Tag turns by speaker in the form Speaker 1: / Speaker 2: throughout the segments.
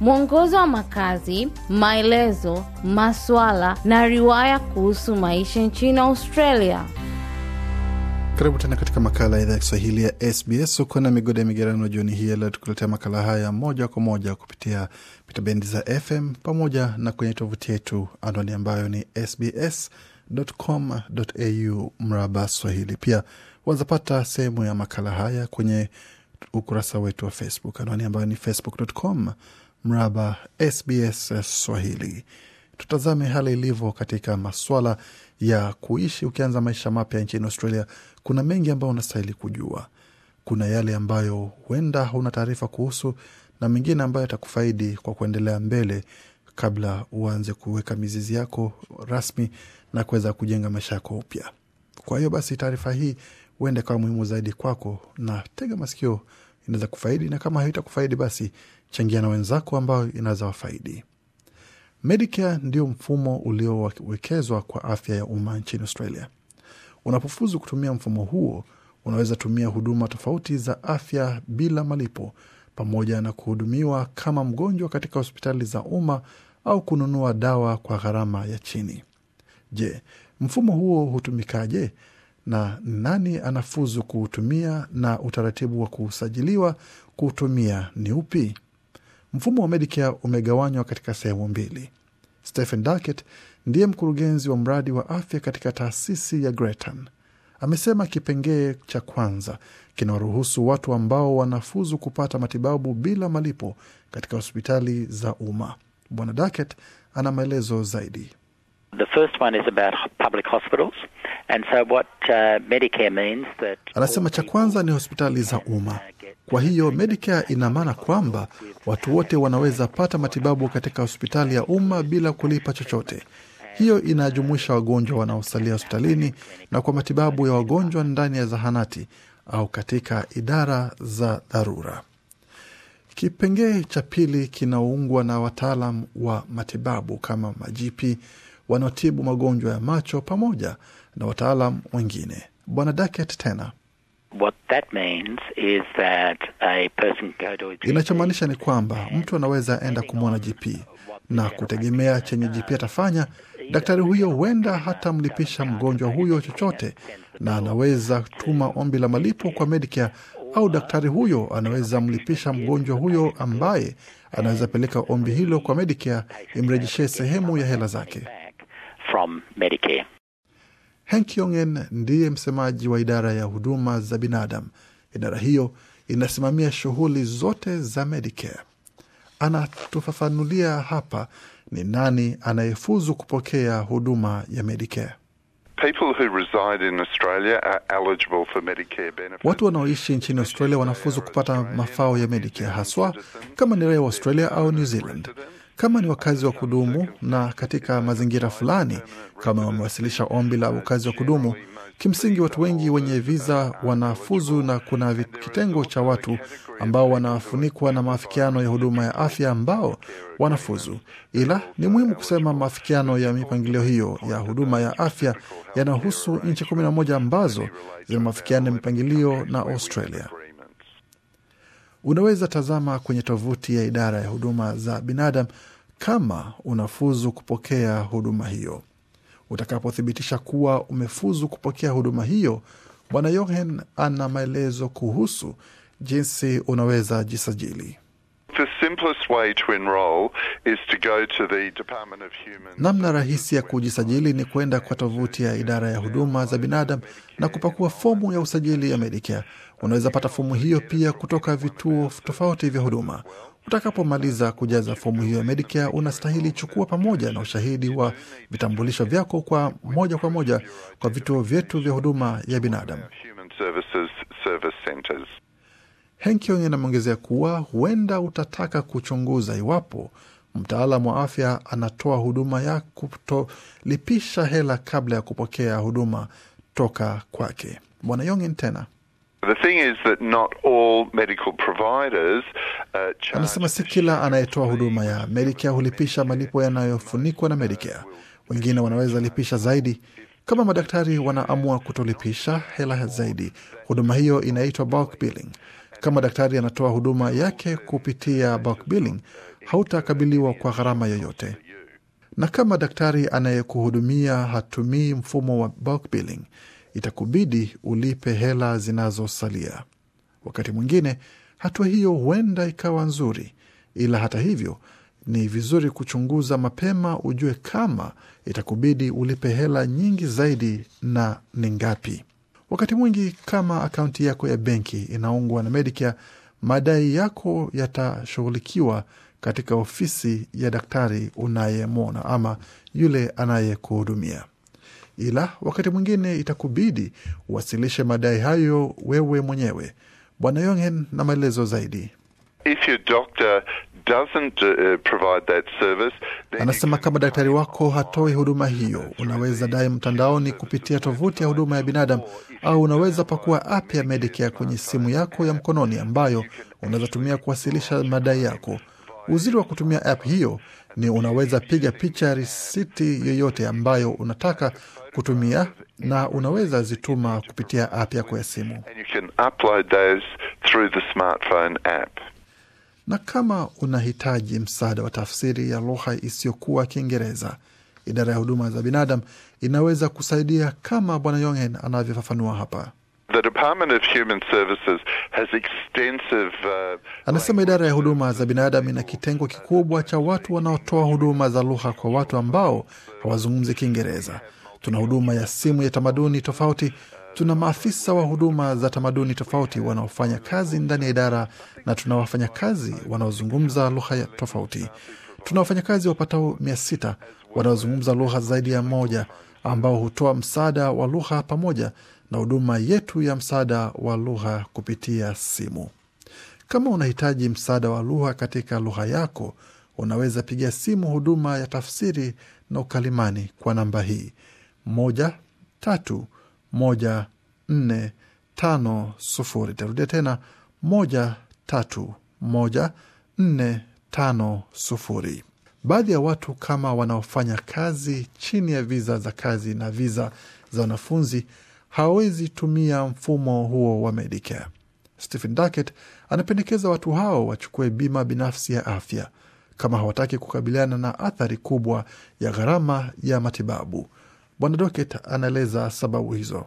Speaker 1: mwongozo wa makazi, maelezo, maswala na riwaya kuhusu maisha nchini Australia. Karibu tena katika makala ya idhaa ya Kiswahili ya SBS. ukona na ya migerano jioni hii leo, tukuletea makala haya moja kwa moja kupitia pitabendi za FM pamoja na kwenye tovuti yetu, anwani ambayo ni sbs.com.au mraba swahili. Pia wazapata sehemu ya makala haya kwenye ukurasa wetu wa Facebook, anwani ambayo ni facebook.com mraba SBS Swahili. Tutazame hali ilivyo katika maswala ya kuishi ukianza maisha mapya nchini Australia. Kuna mengi ambayo unastahili kujua. Kuna yale ambayo huenda huna taarifa kuhusu na mengine ambayo yatakufaidi kwa kuendelea mbele, kabla uanze kuweka mizizi yako rasmi na kuweza kujenga maisha yako upya. Kwa hiyo basi, taarifa hii huenda ikawa muhimu zaidi kwako, na tega masikio inaweza kufaidi, na kama kufaidi, basi changia na wenzako ambao inaweza wafaidi. Medicare ndio mfumo uliowekezwa kwa afya ya umma nchini Australia. Unapofuzu kutumia mfumo huo, unaweza tumia huduma tofauti za afya bila malipo, pamoja na kuhudumiwa kama mgonjwa katika hospitali za umma au kununua dawa kwa gharama ya chini. Je, mfumo huo hutumikaje? na nani anafuzu kuutumia na utaratibu wa kusajiliwa kuutumia ni upi. Mfumo wa Medicare umegawanywa katika sehemu mbili. Stephen dacket ndiye mkurugenzi wa mradi wa afya katika taasisi ya Gretan. Amesema kipengee cha kwanza kinawaruhusu watu ambao wanafuzu kupata matibabu bila malipo katika hospitali za umma. Bwana dacket ana maelezo zaidi.
Speaker 2: The first one is about public hospitals. And so what, uh, Medicare means that...
Speaker 1: Anasema cha kwanza ni hospitali za umma. Kwa hiyo Medicare ina maana kwamba watu wote wanaweza pata matibabu katika hospitali ya umma bila kulipa chochote. Hiyo inajumuisha wagonjwa wanaosalia hospitalini na kwa matibabu ya wagonjwa ndani ya zahanati au katika idara za dharura. Kipengee cha pili kinaungwa na wataalam wa matibabu kama majipi wanaotibu magonjwa ya macho pamoja na wataalam wengine. Bwana Daket tena inachomaanisha ni kwamba mtu anaweza enda kumwona GP na kutegemea chenye GP uh, atafanya. Daktari huyo huenda hata mlipisha mgonjwa huyo chochote, na anaweza tuma ombi la malipo kwa Medicare au daktari huyo anaweza mlipisha mgonjwa huyo ambaye anaweza peleka ombi hilo kwa Medicare imrejeshee sehemu ya hela zake. Henk Yongen ndiye msemaji wa idara ya huduma za binadamu. Idara hiyo inasimamia shughuli zote za Medicare. Anatufafanulia hapa ni nani anayefuzu kupokea huduma ya Medicare. Watu wanaoishi nchini Australia wanafuzu kupata mafao ya Medicare, haswa kama ni raia wa Australia au New Zealand kama ni wakazi wa kudumu na katika mazingira fulani, kama wamewasilisha ombi la wakazi wa kudumu. Kimsingi, watu wengi wenye viza wanafuzu, na kuna kitengo cha watu ambao wanafunikwa na maafikiano ya huduma ya afya ambao wanafuzu, ila ni muhimu kusema maafikiano ya mipangilio hiyo ya huduma ya afya yanahusu nchi 11 ambazo zina maafikiano ya mipangilio na Australia. Unaweza tazama kwenye tovuti ya idara ya huduma za binadamu kama unafuzu kupokea huduma hiyo. Utakapothibitisha kuwa umefuzu kupokea huduma hiyo, Bwana Yohen ana maelezo kuhusu jinsi unaweza jisajili. Namna rahisi ya kujisajili ni kwenda kwa tovuti ya idara ya huduma za binadamu na kupakua fomu ya usajili ya Medicare. Unaweza pata fomu hiyo pia kutoka vituo tofauti vya huduma. Utakapomaliza kujaza fomu hiyo ya Medicare, unastahili chukua pamoja na ushahidi wa vitambulisho vyako kwa moja kwa moja kwa vituo vyetu vya huduma ya binadamu. Henkyon anameongezea kuwa huenda utataka kuchunguza iwapo mtaalam wa afya anatoa huduma ya kutolipisha hela kabla ya kupokea huduma toka kwake. Bwana Yongin tena
Speaker 2: Uh, anasema si
Speaker 1: kila anayetoa huduma ya Medicare hulipisha malipo yanayofunikwa na Medicare. Wengine wanaweza lipisha zaidi. Kama madaktari wanaamua kutolipisha hela zaidi, huduma hiyo inaitwa bulk billing. Kama daktari anatoa huduma yake kupitia bulk billing, hautakabiliwa kwa gharama yoyote, na kama daktari anayekuhudumia hatumii mfumo wa bulk billing, itakubidi ulipe hela zinazosalia. Wakati mwingine hatua hiyo huenda ikawa nzuri, ila hata hivyo ni vizuri kuchunguza mapema ujue kama itakubidi ulipe hela nyingi zaidi na ni ngapi. Wakati mwingi kama akaunti yako ya benki inaungwa na Medicare, madai yako yatashughulikiwa katika ofisi ya daktari unayemwona ama yule anayekuhudumia, ila wakati mwingine itakubidi uwasilishe madai hayo wewe mwenyewe. Bwana Yongen na maelezo zaidi.
Speaker 2: If your doctor Uh,
Speaker 1: anasema kama daktari wako hatoi huduma hiyo, unaweza dai mtandaoni kupitia tovuti ya huduma ya binadamu, au unaweza pakua app ya Medicare kwenye simu yako ya mkononi ambayo unaweza tumia kuwasilisha madai yako. Uzuri wa kutumia app hiyo ni unaweza piga picha risiti yoyote ambayo unataka kutumia na unaweza zituma kupitia app yako ya simu na kama unahitaji msaada wa tafsiri ya lugha isiyokuwa Kiingereza, idara ya huduma za binadamu inaweza kusaidia, kama Bwana Yonghen anavyofafanua hapa.
Speaker 2: The Department of Human Services has extensive, uh,
Speaker 1: anasema idara ya huduma za binadamu ina kitengo kikubwa cha watu wanaotoa huduma za lugha kwa watu ambao hawazungumzi Kiingereza. Tuna huduma ya simu ya tamaduni tofauti, Tuna maafisa wa huduma za tamaduni tofauti wanaofanya kazi ndani ya idara na tuna wafanyakazi wanaozungumza lugha tofauti. Tuna wafanyakazi wapatao mia sita wanaozungumza lugha zaidi ya moja ambao hutoa msaada wa lugha pamoja na huduma yetu ya msaada wa lugha kupitia simu. Kama unahitaji msaada wa lugha katika lugha yako, unaweza piga simu huduma ya tafsiri na ukalimani kwa namba hii moja tatu moja nne tano sufuri. Tarudia tena moja tatu moja nne tano sufuri. Baadhi ya watu kama wanaofanya kazi chini ya viza za kazi na viza za wanafunzi hawawezi tumia mfumo huo wa Medicare. Stephen Duckett anapendekeza watu hao wachukue bima binafsi ya afya kama hawataki kukabiliana na athari kubwa ya gharama ya matibabu. Bwana Docket anaeleza sababu hizo.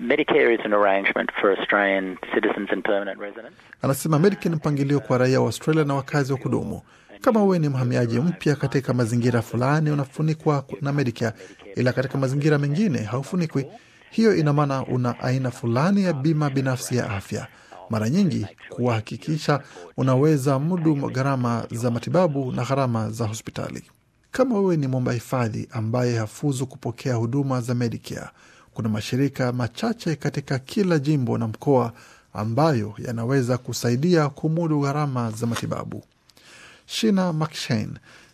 Speaker 2: Medicare is an arrangement for Australian citizens and permanent residents.
Speaker 1: Anasema Medicare ni mpangilio kwa raia wa Australia na wakazi wa kudumu. Kama wewe ni mhamiaji mpya katika mazingira fulani, unafunikwa na Medicare, ila katika mazingira mengine haufunikwi. Hiyo ina maana una aina fulani ya bima binafsi ya afya, mara nyingi kuhakikisha unaweza mudu gharama za matibabu na gharama za hospitali. Kama wewe ni mwomba hifadhi ambaye hafuzu kupokea huduma za Medicare, kuna mashirika machache katika kila jimbo na mkoa ambayo yanaweza kusaidia kumudu gharama za matibabu. Shina McShane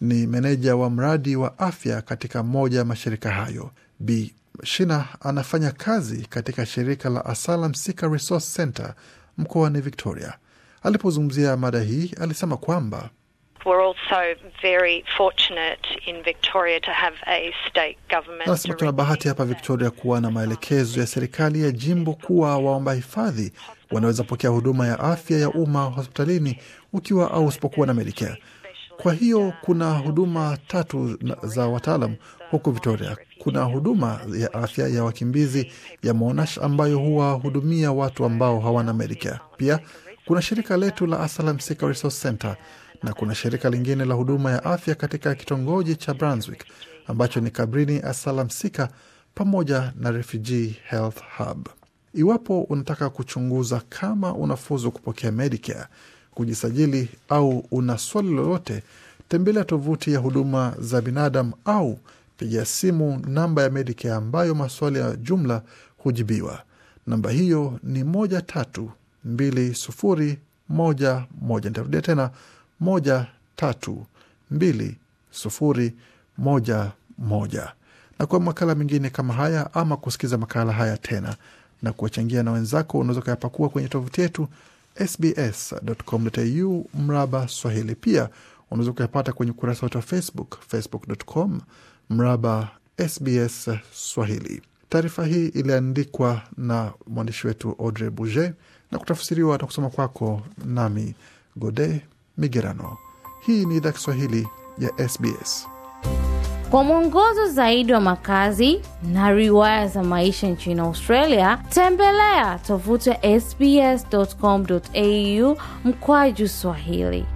Speaker 1: ni meneja wa mradi wa afya katika moja ya mashirika hayo. b Shina anafanya kazi katika shirika la Asylum Seeker Resource Center mkoani Victoria. Alipozungumzia mada hii, alisema kwamba
Speaker 2: Anasema tuna bahati
Speaker 1: hapa Victoria kuwa na maelekezo ya serikali ya jimbo kuwa waomba hifadhi wanaweza pokea huduma ya afya ya umma hospitalini ukiwa au usipokuwa na Medicare. Kwa hiyo kuna huduma tatu za wataalam huku Victoria. Kuna huduma ya afya ya wakimbizi ya Monash ambayo huwahudumia watu ambao hawana Medicare. Pia kuna shirika letu la Asylum Seeker Resource Center na kuna shirika lingine la huduma ya afya katika kitongoji cha Brunswick ambacho ni Kabrini Asalamsika pamoja na Refugee Health Hub. Iwapo unataka kuchunguza kama unafuzu kupokea Medicare, kujisajili au una swali lolote, tembelea tovuti ya huduma za binadamu au piga simu namba ya Medicare ambayo maswali ya jumla hujibiwa. Namba hiyo ni moja tatu mbili sufuri moja moja. Nitarudia tena moja tatu mbili sufuri moja moja. Na kwa makala mengine kama haya ama kusikiza makala haya tena na kuwachangia na wenzako, unaweza ukayapakua kwenye tovuti yetu sbs.com.au mraba Swahili. Pia unaweza ukayapata kwenye ukurasa wetu wa Facebook, facebook.com mraba SBS Swahili. Taarifa hii iliandikwa na mwandishi wetu Audrey Buget na kutafsiriwa na kusoma kwako nami Gode Migerano. Hii ni idhaa Kiswahili ya SBS. Kwa mwongozo zaidi wa makazi na riwaya za maisha nchini Australia, tembelea tovuti ya sbs.com.au mkwaju Swahili.